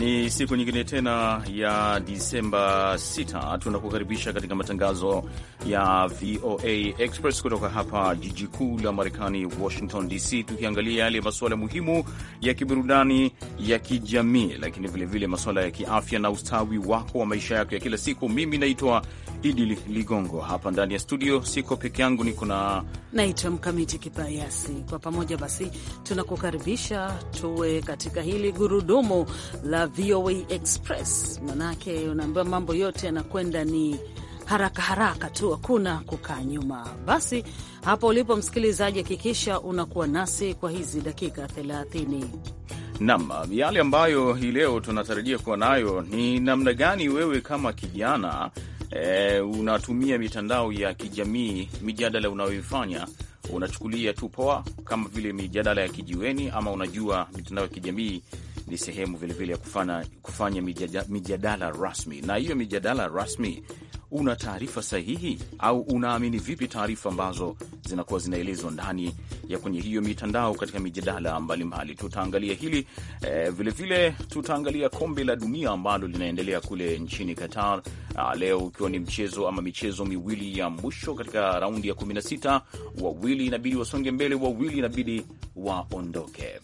Ni siku nyingine tena ya Disemba 6 tunakukaribisha katika matangazo ya VOA Express kutoka hapa jiji kuu la Marekani, Washington DC, tukiangalia yale masuala muhimu ya kiburudani, ya kijamii, lakini vilevile masuala ya kiafya na ustawi wako wa maisha yako ya kila siku. Mimi naitwa Idi Ligongo, hapa ndani ya studio siko peke yangu, niko na naitwa Mkamiti Kibayasi. Kwa pamoja basi tunakukaribisha tuwe katika hili gurudumu la VOA Express, manake unaambiwa mambo yote yanakwenda ni haraka haraka tu, hakuna kukaa nyuma. Basi hapo ulipo msikilizaji, hakikisha unakuwa nasi kwa hizi dakika 30. Nam, yale ambayo hii leo tunatarajia kuwa nayo ni namna gani wewe kama kijana e, unatumia mitandao ya kijamii, mijadala unayoifanya unachukulia tu poa kama vile mijadala ya kijiweni, ama unajua mitandao ya kijamii ni sehemu vilevile ya kufanya, kufanya mijadala, rasmi. Na hiyo mijadala rasmi, una taarifa sahihi au unaamini vipi taarifa ambazo zinakuwa zinaelezwa ndani ya kwenye hiyo mitandao katika mijadala mbalimbali? Tutaangalia hili vilevile, eh, vile tutaangalia kombe la dunia ambalo linaendelea kule nchini Qatar ah, leo, ukiwa ni mchezo ama michezo miwili ya mwisho katika raundi ya 16. Wawili inabidi wasonge mbele, wawili inabidi waondoke.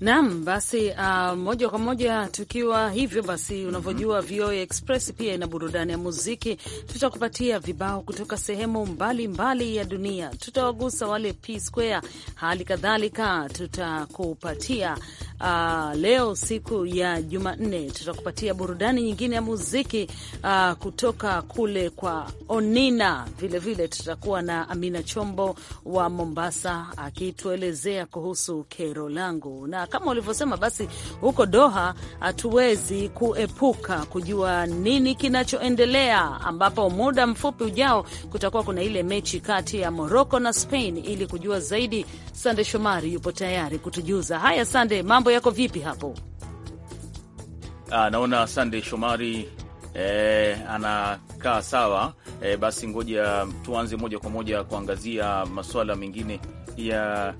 Naam, basi uh, moja kwa moja tukiwa hivyo basi, mhm. unavyojua VOA Express pia ina burudani ya muziki. Tutakupatia vibao kutoka sehemu mbalimbali mbali ya dunia, tutawagusa wale P Square, hali kadhalika tutakupatia uh, leo siku ya Jumanne tutakupatia burudani nyingine ya muziki uh, kutoka kule kwa Onina. Vilevile tutakuwa na Amina Chombo wa Mombasa akituelezea kuhusu kero langu, na kama ulivyosema, basi huko Doha hatuwezi kuepuka kujua nini kinachoendelea, ambapo muda mfupi ujao kutakuwa kuna ile mechi kati ya Morocco na Spain. Ili kujua zaidi, Sande Shomari yupo tayari kutujuza haya. Sande, mambo mambo yako vipi hapo? Ah, naona Sande Shomari eh, anakaa sawa eh, basi ngoja tuanze moja kwa moja kuangazia masuala mengine ya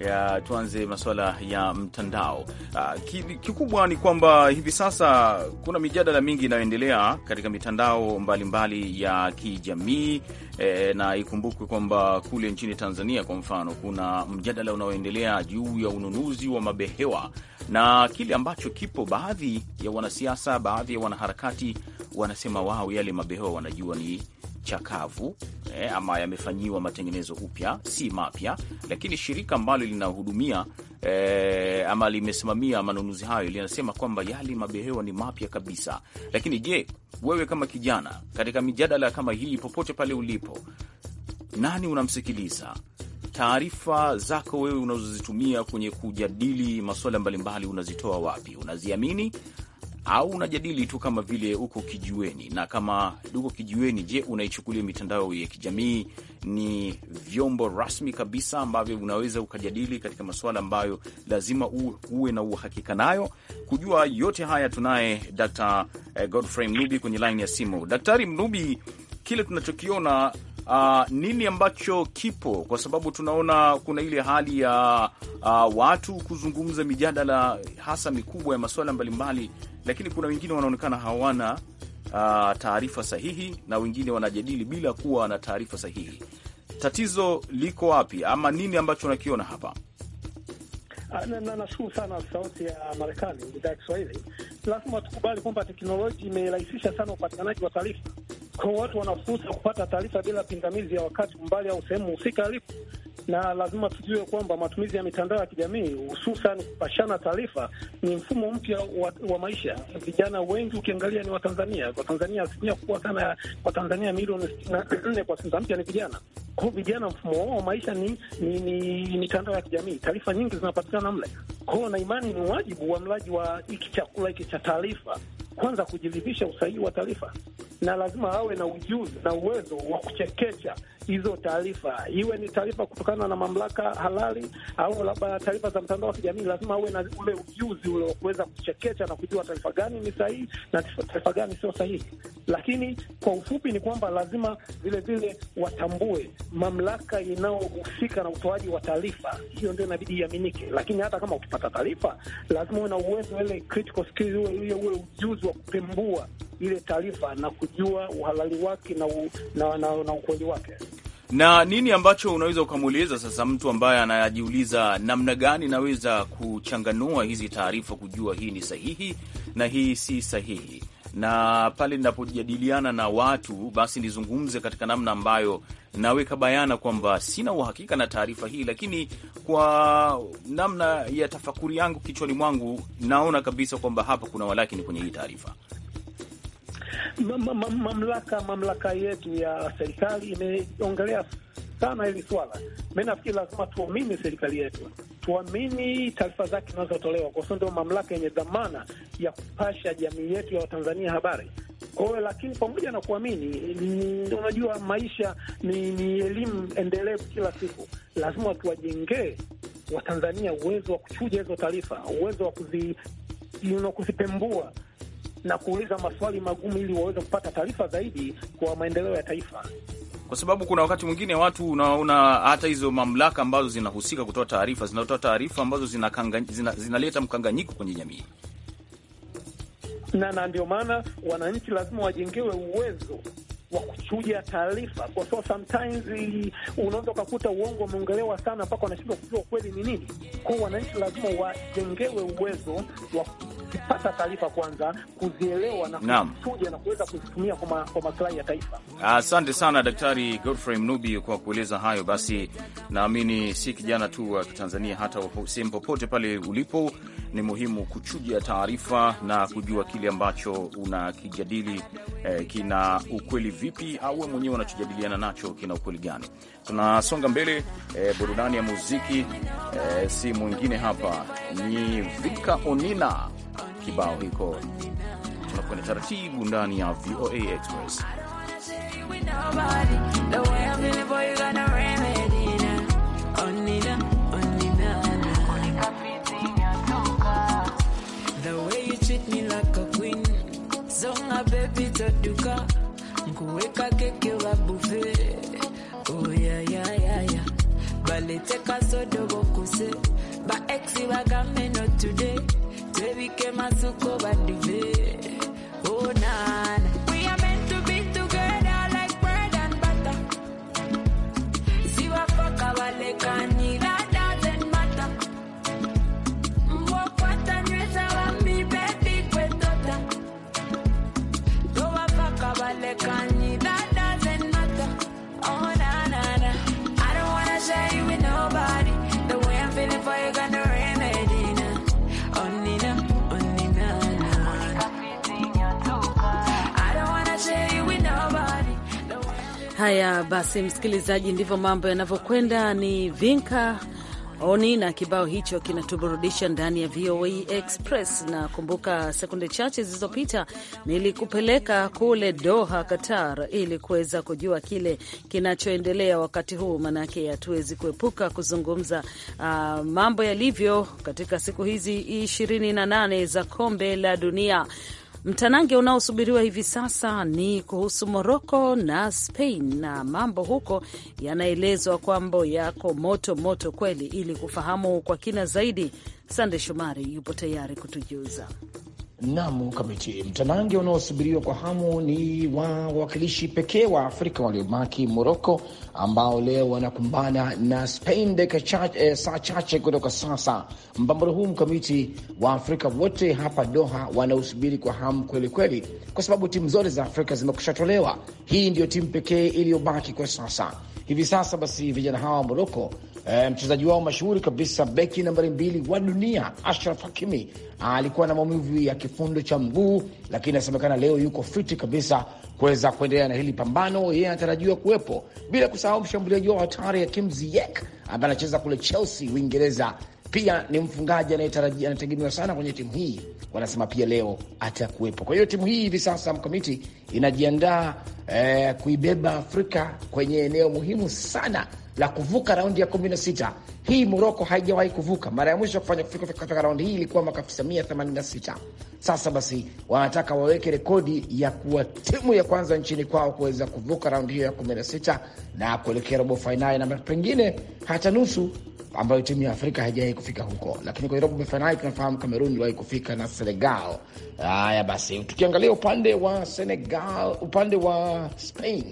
ya, tuanze masuala ya mtandao. Ah, kikubwa ni kwamba hivi sasa kuna mijadala mingi inayoendelea katika mitandao mbalimbali mbali ya kijamii e, na ikumbukwe kwamba kule nchini Tanzania kwa mfano kuna mjadala unaoendelea juu ya ununuzi wa mabehewa na kile ambacho kipo, baadhi ya wanasiasa, baadhi ya wanaharakati wanasema wao yale mabehewa wanajua ni chakavu eh, ama yamefanyiwa matengenezo upya, si mapya, lakini shirika ambalo linahudumia eh, ama limesimamia manunuzi hayo linasema kwamba yale mabehewa ni mapya kabisa. Lakini je, wewe kama kijana katika mijadala kama hii, popote pale ulipo, nani unamsikiliza? Taarifa zako wewe unazozitumia kwenye kujadili masuala mbalimbali unazitoa wapi? Unaziamini au unajadili tu kama vile uko kijiweni? Na kama uko kijiweni, je, unaichukulia mitandao ya kijamii ni vyombo rasmi kabisa ambavyo unaweza ukajadili katika masuala ambayo lazima uwe na uhakika nayo? Kujua yote haya tunaye Dr. Godfrey Mnubi kwenye laini ya simu. Daktari Mnubi, kile tunachokiona Uh, nini ambacho kipo kwa sababu tunaona kuna ile hali ya uh, watu kuzungumza mijadala hasa mikubwa ya masuala mbalimbali lakini kuna wengine wanaonekana hawana uh, taarifa sahihi na wengine wanajadili bila kuwa na taarifa sahihi. Tatizo liko wapi ama nini ambacho unakiona hapa? Ah, nashukuru na, sana Sauti ya Marekani, idhaa ya Kiswahili. Lazima tukubali kwamba teknoloji imerahisisha sana upatikanaji wa taarifa kwa watu, wana fursa kupata taarifa bila pingamizi ya wakati, umbali au sehemu husika alipo na lazima tujue kwamba matumizi ya mitandao ya kijamii hususan kupashana taarifa ni mfumo mpya wa, wa maisha. Vijana wengi ukiangalia ni Watanzania. kwa Tanzania asilimia kubwa sana ya Watanzania milioni sitini na nne kwa sensa mpya ni vijana. Kwa hiyo vijana, mfumo wao wa maisha ni mitandao ya kijamii, taarifa nyingi zinapatikana mle. Kwa hiyo na imani ni wajibu wa mlaji wa hiki chakula hiki cha taarifa kwanza kujiridhisha usahihi wa taarifa, na lazima awe na ujuzi na uwezo wa kuchekecha hizo taarifa, iwe ni taarifa kutokana na mamlaka halali au labda taarifa za mtandao wa kijamii, lazima uwe na ule ujuzi ule wa kuweza kuchekecha na kujua taarifa gani ni sahihi na taarifa gani sio sahihi. Lakini kwa ufupi ni kwamba lazima vile vile watambue mamlaka inayohusika na utoaji wa taarifa, hiyo ndio inabidi iaminike. Lakini hata kama ukipata taarifa, lazima uwe na uwezo ile critical skill, ule ule ujuzi wa kupembua ile taarifa na kujua uhalali wake na, na, na, na ukweli wake na nini ambacho unaweza ukamweleza sasa mtu ambaye anajiuliza namna gani naweza kuchanganua hizi taarifa, kujua hii ni sahihi na hii si sahihi, na pale ninapojadiliana na watu, basi nizungumze katika namna ambayo naweka bayana kwamba sina uhakika na taarifa hii, lakini kwa namna ya tafakuri yangu kichwani mwangu naona kabisa kwamba hapa kuna walakini kwenye hii taarifa mamlaka mamlaka yetu ya serikali imeongelea sana hili swala. Mi nafikiri lazima tuamini serikali yetu, tuamini taarifa zake zinazotolewa, kwa sababu ndio mamlaka yenye dhamana ya kupasha jamii yetu ya Watanzania habari. Kwa hiyo lakini, pamoja na kuamini, unajua maisha ni, ni elimu endelevu kila siku, lazima tuwajengee Watanzania uwezo wa kuchuja hizo taarifa, uwezo wa kuzi, kuzipembua na kuuliza maswali magumu ili waweze kupata taarifa zaidi kwa maendeleo ya taifa kwa sababu kuna wakati mwingine watu unaona hata hizo mamlaka ambazo zinahusika kutoa taarifa zinatoa taarifa ambazo zinaleta zina, zina mkanganyiko kwenye jamii, na na ndio maana wananchi lazima wajengewe uwezo wa kuchuja taarifa, kwa sababu sometimes unaweza ukakuta uongo umeongelewa sana mpaka wanashindwa kujua ukweli ni nini. Kwao wananchi lazima wajengewe uwezo wa kupata taarifa kwanza, kuzielewa na kuchuja na kuweza kuzitumia kwa maslahi ya taifa. Asante sana Daktari Godfrey Mnubi kwa kueleza hayo. Basi naamini si kijana tu wa Tanzania, hata sehemu popote pale ulipo, ni muhimu kuchuja taarifa na kujua kile ambacho unakijadili eh, kina ukweli vipi, au wewe mwenyewe unachojadiliana nacho kina ukweli gani? Tunasonga mbele e, burudani ya muziki e, si mwingine hapa ni Vika Onina, kibao hiko. Tunakwenda taratibu ndani ya VOA Express. kuweka keke wa bufe oyayayaya oh, balete sodo kuse ba exi bagame no today twebike masuko badive Haya basi, msikilizaji, ndivyo mambo yanavyokwenda. Ni Vinka Oni na kibao hicho kinatuburudisha ndani ya VOA Express. Na kumbuka sekunde chache zilizopita nilikupeleka kule Doha, Qatar, ili kuweza kujua kile kinachoendelea wakati huu, manake hatuwezi kuepuka kuzungumza uh, mambo yalivyo katika siku hizi ishirini na nane za kombe la dunia. Mtanange unaosubiriwa hivi sasa ni kuhusu Moroko na Spain, na mambo huko yanaelezwa kwamba yako moto moto kweli. Ili kufahamu kwa kina zaidi, Sande Shomari yupo tayari kutujuza nam Kamiti, mtanange unaosubiriwa kwa hamu ni wa wawakilishi pekee wa Afrika waliobaki Moroko, ambao leo wanakumbana na Spain dakika cha, eh, saa chache kutoka sasa. Mpambano huu Mkamiti, wa Afrika wote hapa Doha wanaosubiri kwa hamu kweli kweli, kwa sababu timu zote za Afrika zimekushatolewa. Hii ndiyo timu pekee iliyobaki kwa sasa hivi sasa. Basi vijana hawa wa Moroko, eh, mchezaji wao mashuhuri kabisa beki nambari mbili wa dunia Ashraf Hakimi alikuwa na maumivu ya kifundo cha mguu, lakini inasemekana leo yuko fiti kabisa kuweza kuendelea na hili pambano. Yeye anatarajiwa kuwepo, bila kusahau mshambuliaji wao hatari ya Kim Ziyech ambaye anacheza kule Chelsea, Uingereza pia ni mfungaji anategemewa sana kwenye timu hii, wanasema pia leo atakuwepo. Kwa hiyo timu hii hivi sasa mkamiti inajiandaa eh, kuibeba Afrika kwenye eneo muhimu sana la kuvuka raundi ya kumi na sita. Hii Moroko haijawahi kuvuka. Mara ya mwisho ya kufanya kufika katika raundi hii ilikuwa mwaka sita. Sasa basi, wanataka waweke rekodi ya kuwa timu ya kwanza nchini kwao kuweza kuvuka raundi hiyo ya sita na kuelekea robo fainali na pengine hata nusu ambayo timu ya Afrika haijawahi kufika huko, lakini kwenye robo fainali tunafahamu Kamerun iliwahi kufika na Senegal. Haya basi, tukiangalia upande wa Senegal, upande wa Spain,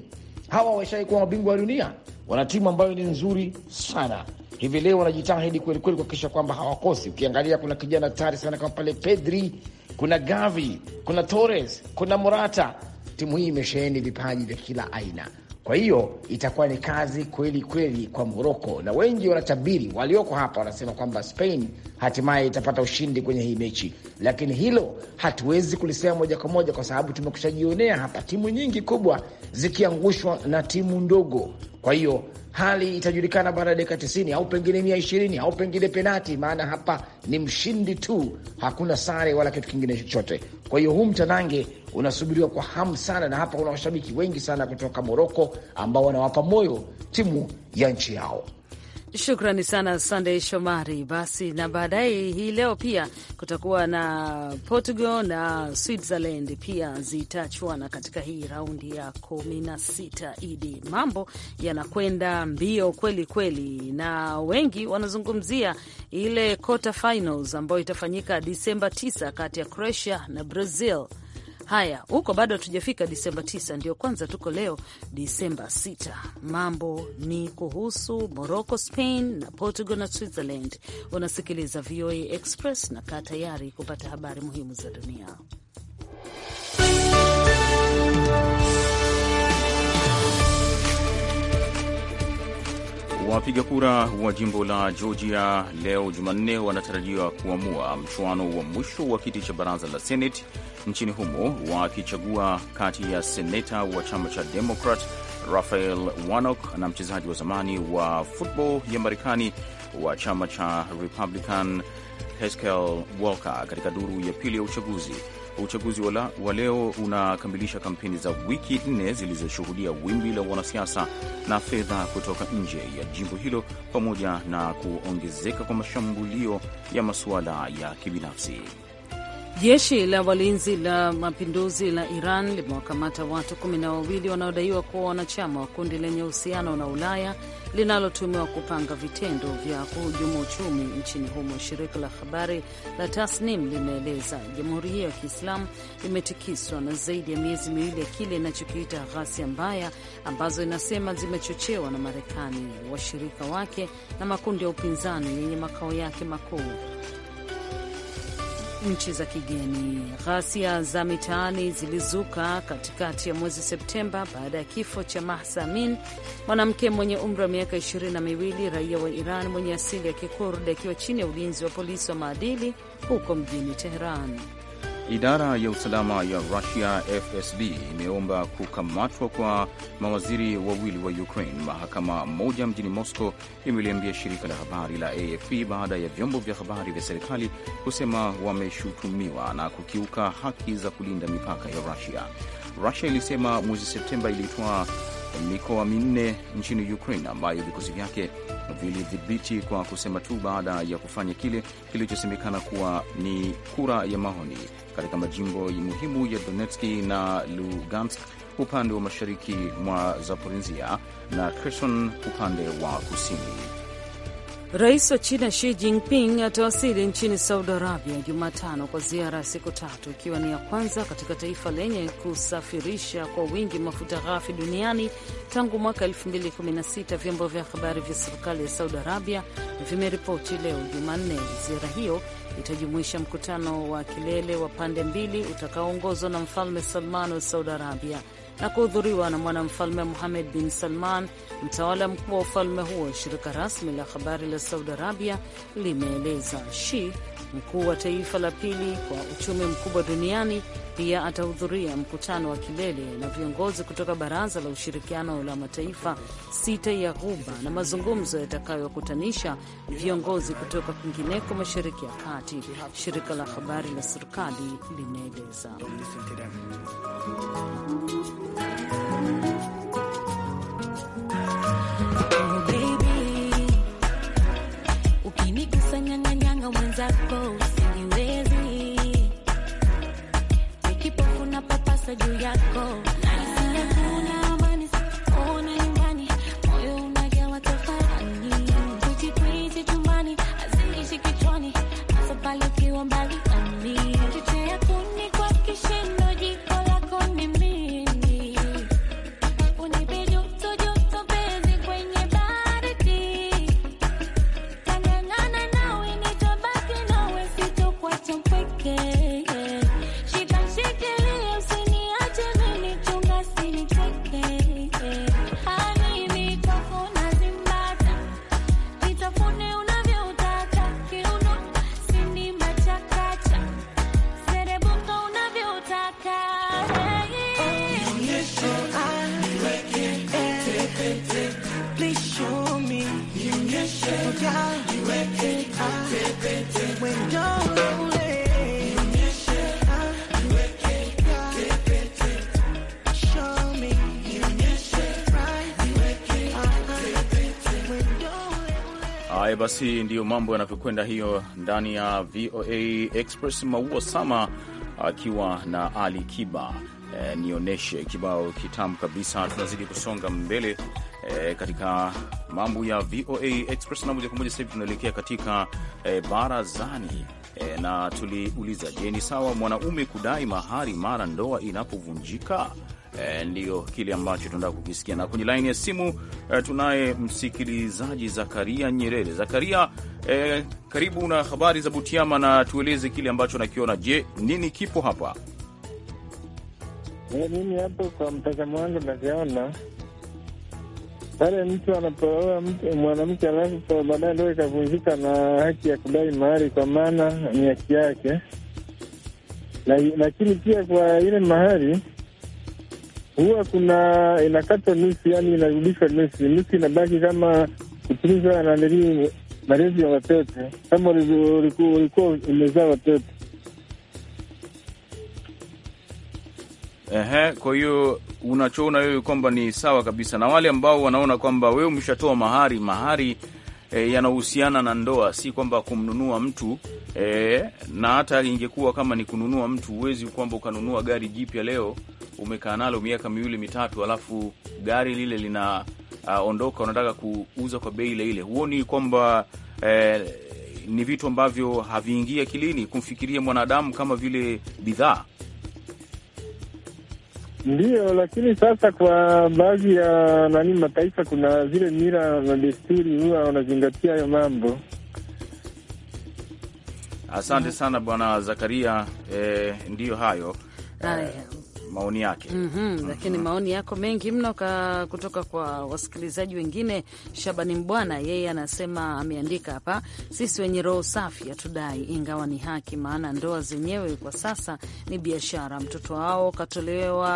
hawa washai kuwa mabingwa wa dunia, wana timu ambayo ni nzuri sana hivi leo wanajitahidi kwelikweli kuhakikisha kwamba hawakosi. Ukiangalia kuna kijana tari sana kama pale Pedri, kuna Gavi, kuna Torres, kuna Morata. Timu hii imesheheni vipaji vya kila aina. Kwa hiyo itakuwa ni kazi kweli kweli kwa Moroko, na wengi wanatabiri, walioko hapa wanasema kwamba Spain hatimaye itapata ushindi kwenye hii mechi, lakini hilo hatuwezi kulisema moja kwa moja kwa sababu tumekushajionea hapa timu nyingi kubwa zikiangushwa na timu ndogo. Kwa hiyo hali itajulikana baada ya dakika tisini au pengine mia ishirini au pengine penati, maana hapa ni mshindi tu, hakuna sare wala kitu kingine chochote. Kwa hiyo huu mtanange unasubiriwa kwa hamu sana, na hapa kuna washabiki wengi sana kutoka Moroko ambao wanawapa moyo timu ya nchi yao. Shukrani sana Sandey Shomari. Basi na baadaye hii leo pia kutakuwa na Portugal na Switzerland pia zitachuana katika hii raundi ya kumi na sita. Idi, mambo yanakwenda mbio kweli kweli, na wengi wanazungumzia ile quarter finals ambayo itafanyika Disemba 9 kati ya Croatia na Brazil. Haya, huko bado hatujafika Disemba 9, ndio kwanza tuko leo Disemba 6. Mambo ni kuhusu Morocco, Spain na Portugal na Switzerland. Unasikiliza VOA Express na kaa tayari kupata habari muhimu za dunia. Wapiga kura wa jimbo la Georgia leo Jumanne wanatarajiwa kuamua mchuano wa mwisho wa kiti cha baraza la senate nchini humo wakichagua kati ya seneta wa chama cha Demokrat Rafael Warnock na mchezaji wa zamani wa football ya Marekani wa chama cha Republican Haskell Walker katika duru ya pili ya uchaguzi. Uchaguzi la, wa leo unakamilisha kampeni za wiki nne zilizoshuhudia wimbi la wanasiasa na fedha kutoka nje ya jimbo hilo pamoja na kuongezeka kwa mashambulio ya masuala ya kibinafsi. Jeshi la walinzi la mapinduzi la Iran limewakamata watu kumi na wawili wanaodaiwa kuwa wanachama wa kundi lenye uhusiano na Ulaya linalotumiwa kupanga vitendo vya kuhujumu uchumi nchini humo. Shirika la habari la Tasnim limeeleza jamhuri hiyo ya Kiislamu imetikiswa na zaidi ya miezi miwili ya kile inachokiita ghasia mbaya ambazo inasema zimechochewa na Marekani, washirika wake na makundi ya upinzani yenye makao yake makuu nchi za kigeni. Ghasia za mitaani zilizuka katikati ya mwezi Septemba baada ya kifo cha Mahsa Amin, mwanamke mwenye umri wa miaka ishirini na miwili, raia wa Iran mwenye asili ya Kikurdi, akiwa chini ya ulinzi wa polisi wa maadili huko mjini Teheran. Idara ya usalama ya Rusia FSB imeomba kukamatwa kwa mawaziri wawili wa Ukraine. Mahakama moja mjini Moscow imeliambia shirika la habari la AFP baada ya vyombo vya habari vya serikali kusema wameshutumiwa na kukiuka haki za kulinda mipaka ya Rusia. Rusia ilisema mwezi Septemba ilitoa mikoa minne nchini Ukraine ambayo vikosi vyake vilidhibiti kwa kusema tu baada ya kufanya kile kilichosemekana kuwa ni kura ya maoni katika majimbo muhimu ya donetski na Lugansk upande wa mashariki mwa Zaporizhia na Kherson upande wa kusini. Rais wa China Xi Jinping atawasili nchini Saudi Arabia Jumatano kwa ziara ya siku tatu, ikiwa ni ya kwanza katika taifa lenye kusafirisha kwa wingi mafuta ghafi duniani tangu mwaka 2016, vyombo vya habari vya serikali ya Saudi Arabia vimeripoti leo Jumanne. Ziara hiyo itajumuisha mkutano wa kilele wa pande mbili utakaoongozwa na Mfalme Salman wa Saudi Arabia na kuhudhuriwa na mwanamfalme Muhamed bin Salman, mtawala mkuu wa ufalme huo, shirika rasmi la habari la Saudi Arabia limeeleza. Shi Mkuu wa taifa la pili kwa uchumi mkubwa duniani pia atahudhuria mkutano wa kilele na viongozi kutoka Baraza la Ushirikiano la Mataifa sita ya Ghuba na mazungumzo yatakayokutanisha viongozi kutoka kwingineko Mashariki ya Kati, shirika la habari la serikali limeeleza. Oh, moyo mwenzako usiniwezi, nikipofu napapasa juu yako basi ndiyo mambo yanavyokwenda hiyo ndani ya VOA Express. Maua Sama akiwa na Ali Kiba e, nionyeshe kibao kitamu kabisa. Tunazidi kusonga mbele e, katika mambo ya VOA Express na moja kwa moja sasa hivi tunaelekea katika e, barazani e, na tuliuliza, je, ni sawa mwanaume kudai mahari mara ndoa inapovunjika? eh, ndiyo kile ambacho tunataka kukisikia. Na kwenye laini ya simu eh, tunaye msikilizaji Zakaria Nyerere. Zakaria, eh, karibu na habari za Butiama na tueleze kile ambacho nakiona. Je, nini kipo hapa? E, mimi hapo kwa mtazamo wangu nakiona pale mtu anapooa mwanamke alafu baadaye ndo ikavunjika na haki ya kudai mahari, kwa maana ni haki yake, lakini pia kwa ile mahari huwa kuna inakata nusu, yani inarudisha nusu nusu, inabaki kama kutunza nanilii malezi ya watoto kama ulikuwa umezaa watoto. Ehe, kwa hiyo unachoona wewe kwamba ni sawa kabisa, na wale ambao wanaona kwamba wewe umeshatoa mahari mahari E, yanahusiana na ndoa, si kwamba kumnunua mtu e, na hata ingekuwa kama ni kununua mtu, huwezi kwamba ukanunua gari jipya leo umekaa nalo miaka miwili mitatu, alafu gari lile linaondoka, uh, unataka kuuza kwa bei ile ile, huoni kwamba eh, ni vitu ambavyo haviingii akilini kumfikiria mwanadamu kama vile bidhaa? Ndiyo, lakini sasa kwa baadhi ya nani mataifa kuna zile mira na desturi huwa wanazingatia hayo mambo. Asante mm. sana bwana Zakaria. Eh, ndiyo hayo maoni yake mm -hmm, mm -hmm. Lakini maoni yako mengi mno kutoka kwa wasikilizaji wengine. Shabani Mbwana yeye anasema ameandika hapa, sisi wenye roho safi hatudai, ingawa ni haki, maana ndoa zenyewe kwa sasa ni biashara. Mtoto wao katolewa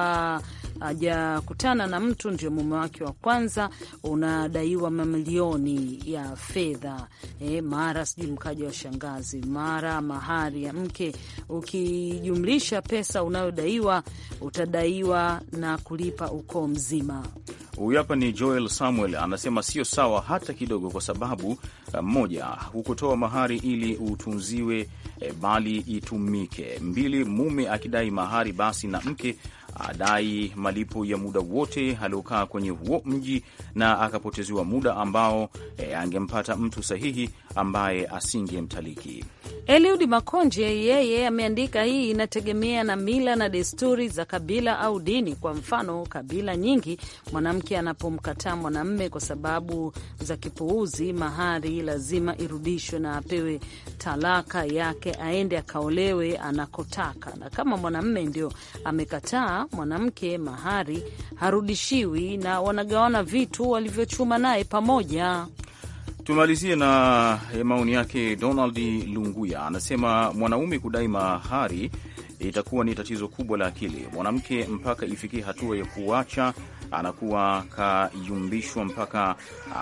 hajakutana na mtu, ndio mume wake wa kwanza, unadaiwa mamilioni ya fedha e, mara sijui mkaja wa shangazi, mara mahari ya mke. Ukijumlisha pesa unayodaiwa, utadaiwa na kulipa ukoo mzima. Huyu hapa ni Joel Samuel anasema sio sawa hata kidogo, kwa sababu eh, moja, hukutoa mahari ili utunziwe e, bali itumike; mbili, mume akidai mahari basi na mke adai malipo ya muda wote aliokaa kwenye huo mji na akapoteziwa muda ambao e, angempata mtu sahihi ambaye asingemtaliki. Eliud Makonje yeye ameandika, hii inategemea na mila na desturi za kabila au dini. Kwa mfano, kabila nyingi mwanamke mwanamke anapomkataa mwanamme kwa sababu za kipuuzi, mahari lazima irudishwe na apewe talaka yake, aende akaolewe anakotaka. Na kama mwanamme ndio amekataa mwanamke, mahari harudishiwi na wanagawana vitu walivyochuma naye pamoja. Tumalizie na eh, maoni yake Donald Lunguya, anasema mwanaume kudai mahari itakuwa ni tatizo kubwa la akili. Mwanamke mpaka ifikie hatua ya kuacha anakuwa kayumbishwa mpaka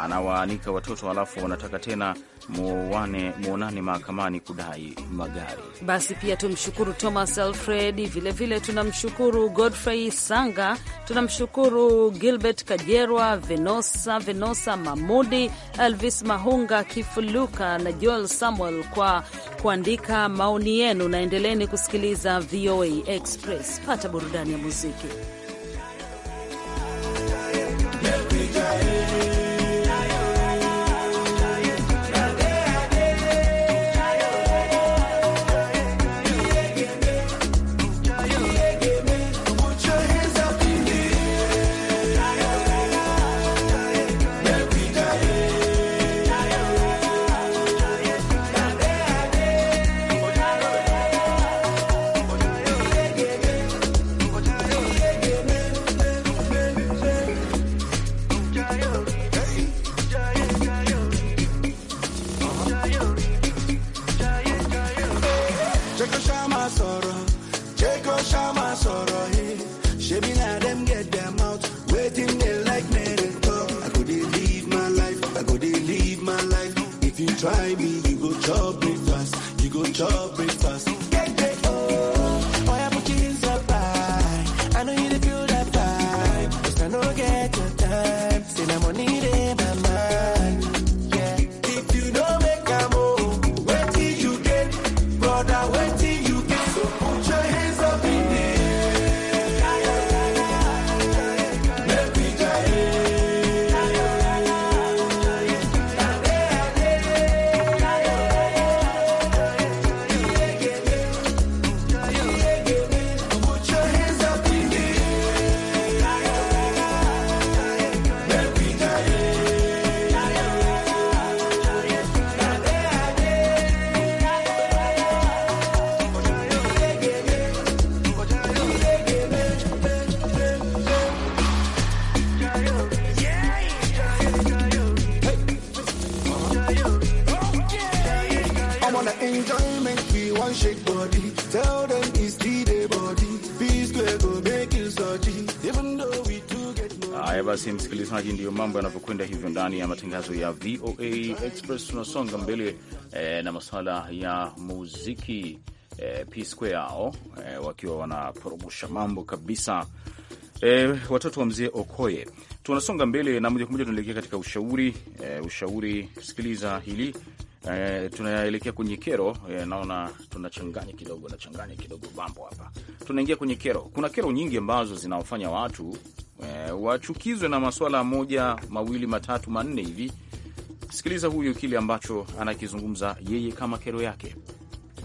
anawaanika watoto, alafu wanataka tena muone muonane mahakamani kudai magari. Basi pia tumshukuru Thomas Alfred, vilevile tunamshukuru Godfrey Sanga, tunamshukuru Gilbert Kajerwa, Venosa Venosa Mamudi, Elvis Mahunga, Kifuluka na Joel Samuel kwa kuandika maoni yenu, naendeleni kusikiliza VOA Express. Pata burudani ya muziki. Love breakfast. msikilizaji, ndiyo mambo yanavyokwenda hivyo ndani ya matangazo ya VOA Express. Tunasonga mbele eh, na masuala ya muziki eh, P Square ao eh, wakiwa wanaporomosha mambo kabisa eh, watoto wa mzee Okoye. Tunasonga mbele na moja kwa moja tunaelekea katika ushauri eh, ushauri. Sikiliza hili eh, tunaelekea kwenye kero eh, naona tunachanganya kidogo, nachanganya kidogo mambo hapa. Tunaingia kwenye kero. Kuna kero nyingi ambazo zinawafanya watu Eh, wachukizwe na maswala moja mawili matatu manne hivi. Sikiliza huyu kile ambacho anakizungumza yeye kama kero yake.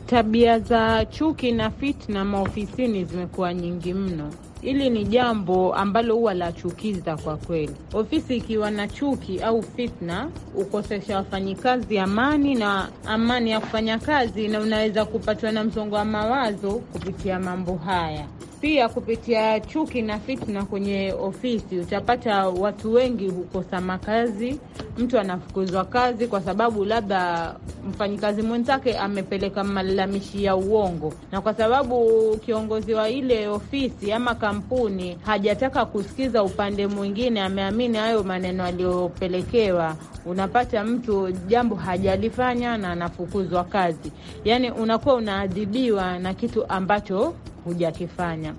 Tabia za chuki na fitna maofisini zimekuwa nyingi mno. Hili ni jambo ambalo huwa la chukiza kwa kweli. Ofisi ikiwa na chuki au fitna, ukosesha wafanyikazi amani na amani ya kufanya kazi, na unaweza kupatwa na msongo wa mawazo kupitia mambo haya pia kupitia chuki na fitna kwenye ofisi, utapata watu wengi hukosa makazi. Mtu anafukuzwa kazi kwa sababu labda mfanyikazi mwenzake amepeleka malalamishi ya uongo, na kwa sababu kiongozi wa ile ofisi ama kampuni hajataka kusikiza upande mwingine, ameamini hayo maneno aliyopelekewa, unapata mtu jambo hajalifanya na anafukuzwa kazi. Yani unakuwa unaadhibiwa na kitu ambacho hujakifanya.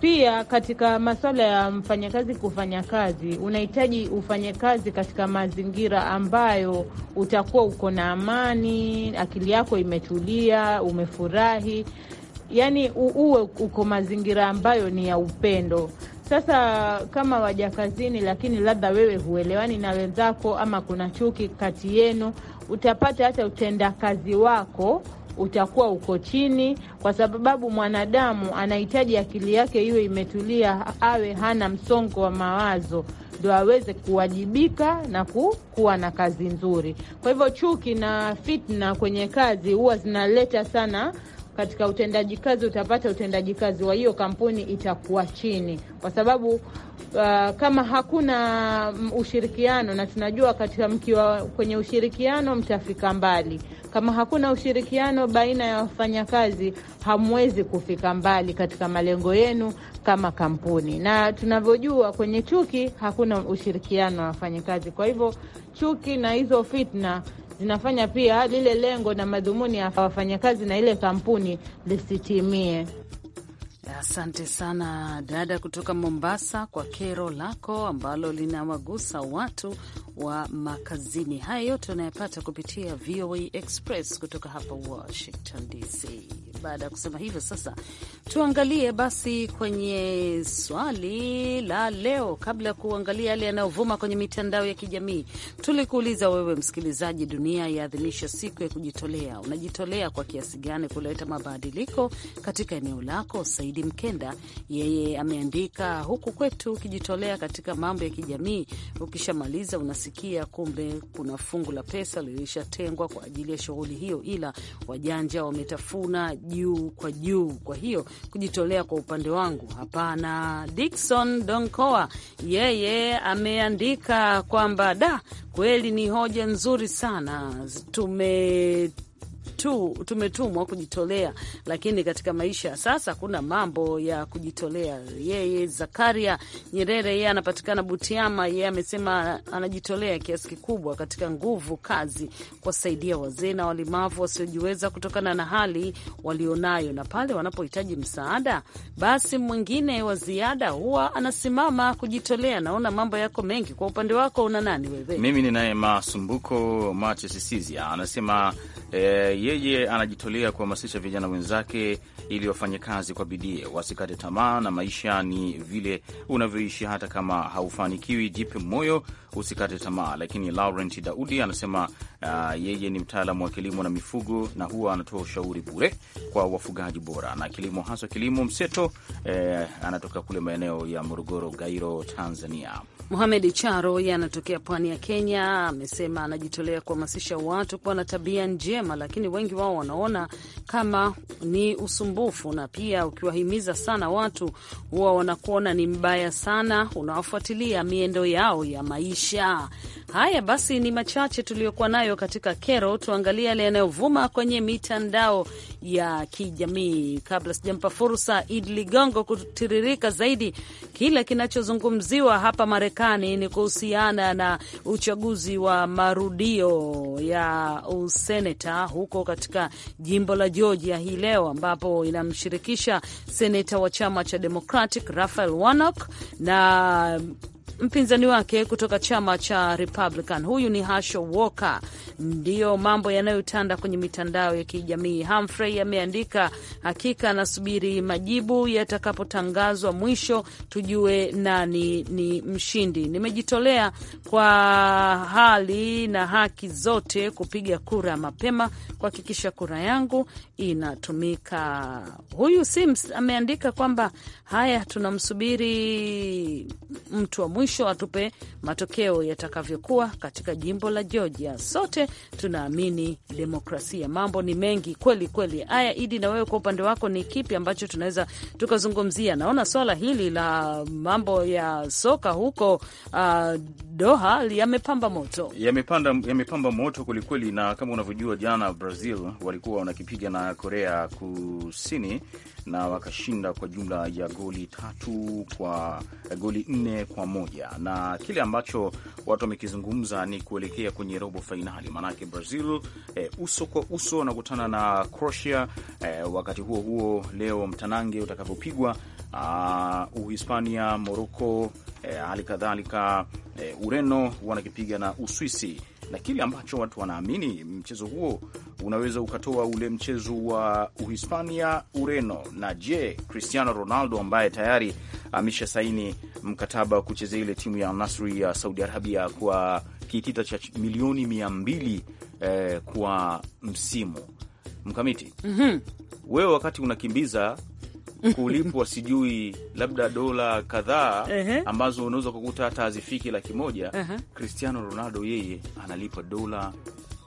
Pia katika masuala ya mfanyakazi kufanya kazi, unahitaji ufanye kazi katika mazingira ambayo utakuwa uko na amani, akili yako imetulia, umefurahi, yaani uwe uko mazingira ambayo ni ya upendo. Sasa kama waja kazini, lakini labda wewe huelewani na wenzako ama kuna chuki kati yenu, utapata hata utendakazi wako utakuwa uko chini, kwa sababu mwanadamu anahitaji akili yake iwe imetulia, awe hana msongo wa mawazo ndo aweze kuwajibika na ku, kuwa na kazi nzuri. Kwa hivyo chuki na fitna kwenye kazi huwa zinaleta sana katika utendaji kazi, utapata utendaji kazi wa hiyo kampuni itakuwa chini, kwa sababu uh, kama hakuna um, ushirikiano, na tunajua katika mkiwa kwenye ushirikiano mtafika mbali. Kama hakuna ushirikiano baina ya wafanyakazi, hamwezi kufika mbali katika malengo yenu kama kampuni, na tunavyojua kwenye chuki hakuna ushirikiano wa wafanyakazi. Kwa hivyo chuki na hizo fitna zinafanya pia lile lengo na madhumuni ya wafanyakazi na ile kampuni lisitimie. Asante sana dada kutoka Mombasa kwa kero lako ambalo linawagusa watu wa makazini. Haya yote unayapata kupitia VOA Express kutoka hapa Washington DC. Baada ya kusema hivyo, sasa tuangalie basi kwenye swali la leo. Kabla ya kuangalia yale yanayovuma kwenye mitandao ya kijamii, tulikuuliza wewe msikilizaji, dunia yaadhimisha siku ya kujitolea. Unajitolea kwa kiasi gani kuleta mabadiliko katika eneo lako? Saidi Mkenda yeye ameandika, huku kwetu ukijitolea katika mambo ya kijamii, ukishamaliza unasi kusikia kumbe kuna fungu la pesa lilishatengwa kwa ajili ya shughuli hiyo, ila wajanja wametafuna juu kwa juu. Kwa hiyo kujitolea kwa upande wangu hapana. dikson Donkoa yeye ameandika kwamba da, kweli ni hoja nzuri sana tume tu tumetumwa kujitolea, lakini katika maisha sasa kuna mambo ya kujitolea. Yeye Zakaria Nyerere, yeye anapatikana Butiama, yeye amesema anajitolea kiasi kikubwa katika nguvu kazi kuwasaidia wazee na walemavu wasiojiweza kutokana na hali walionayo, na pale wanapohitaji msaada, basi mwingine wa ziada huwa anasimama kujitolea. Naona mambo yako mengi kwa upande wako, una nani wewe? Mimi ninaye Masumbuko Macho Sisizia anasema eh, yeye anajitolea kuhamasisha vijana wenzake ili wafanye kazi kwa bidii, wasikate tamaa, na maisha ni vile unavyoishi. Hata kama haufanikiwi, jipe moyo, usikate tamaa. Lakini Laurent Daudi anasema uh, yeye ni mtaalamu wa kilimo na mifugo na huwa anatoa ushauri bure kwa wafugaji bora na kilimo, hasa kilimo mseto. Eh, anatoka kule maeneo ya Morogoro, Gairo, Tanzania. Muhamed Charo ye anatokea pwani ya Kenya, amesema anajitolea kuhamasisha watu kuwa na tabia njema, lakini wengi wao wanaona kama ni usumbufu, na pia ukiwahimiza sana watu huwa wanakuona ni mbaya sana, unawafuatilia miendo yao ya maisha. Haya basi, ni machache tuliyokuwa nayo katika kero. Tuangalie yale yanayovuma kwenye mitandao ya kijamii, kabla sijampa fursa Idi Ligongo kutiririka zaidi. Kile kinachozungumziwa hapa Marekani ni kuhusiana na uchaguzi wa marudio ya useneta huko katika jimbo la Georgia hii leo, ambapo inamshirikisha seneta wa chama cha Democratic Raphael Warnock na mpinzani wake kutoka chama cha Republican. Huyu ni Herschel Walker. Ndiyo mambo yanayotanda kwenye mitandao ya kijamii. Humphrey ameandika, hakika anasubiri majibu yatakapotangazwa mwisho, tujue nani ni mshindi. Nimejitolea kwa hali na haki zote kupiga kura mapema kuhakikisha kura yangu inatumika. Huyu Sims ameandika kwamba haya, tunamsubiri mtu wa mwisho mwisho atupe matokeo yatakavyokuwa katika jimbo la Georgia. Sote tunaamini demokrasia. Mambo ni mengi kweli kweli. Aya Idi, na wewe kwa upande wako ni kipi ambacho tunaweza tukazungumzia? Naona swala hili la mambo ya soka huko uh, Doha yamepamba moto, yamepanda yamepamba moto kwelikweli, na kama unavyojua jana Brazil walikuwa wanakipiga na Korea Kusini na wakashinda kwa jumla ya goli tatu kwa goli nne kwa moja moja, na kile ambacho watu wamekizungumza ni kuelekea kwenye robo fainali, maanake Brazil e, uso kwa uso wanakutana na Croatia. e, wakati huo huo leo mtanange utakapopigwa ah, Uhispania, Moroko, eh, hali kadhalika e, Ureno wanakipiga na Uswisi na kile ambacho watu wanaamini mchezo huo unaweza ukatoa ule mchezo wa Uhispania, Ureno. Na je, Cristiano Ronaldo ambaye tayari amesha saini mkataba wa kuchezea ile timu ya Nasri ya Saudi Arabia kwa kitita cha milioni mia mbili eh, kwa msimu mkamiti. mm -hmm. Wewe wakati unakimbiza kulipwa sijui labda dola kadhaa uh -huh. ambazo unaweza kukuta hata hazifiki laki moja uh -huh. Cristiano Ronaldo yeye analipwa dola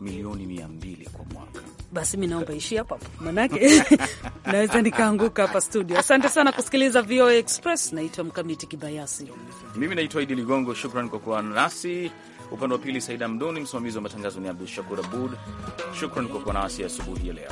milioni mia mbili kwa mwaka. Basi mi naomba ishi hapa hapo, manake naweza nikaanguka hapa studio. Asante sana kusikiliza VOA Express. Naitwa Mkamiti Kibayasi, mimi naitwa Idi Ligongo. Shukran kwa kuwa nasi upande wa pili. Saida Mdoni, msimamizi wa matangazo ni Abdu Shakur Abud. Shukran kwa kuwa nasi asubuhi ya leo.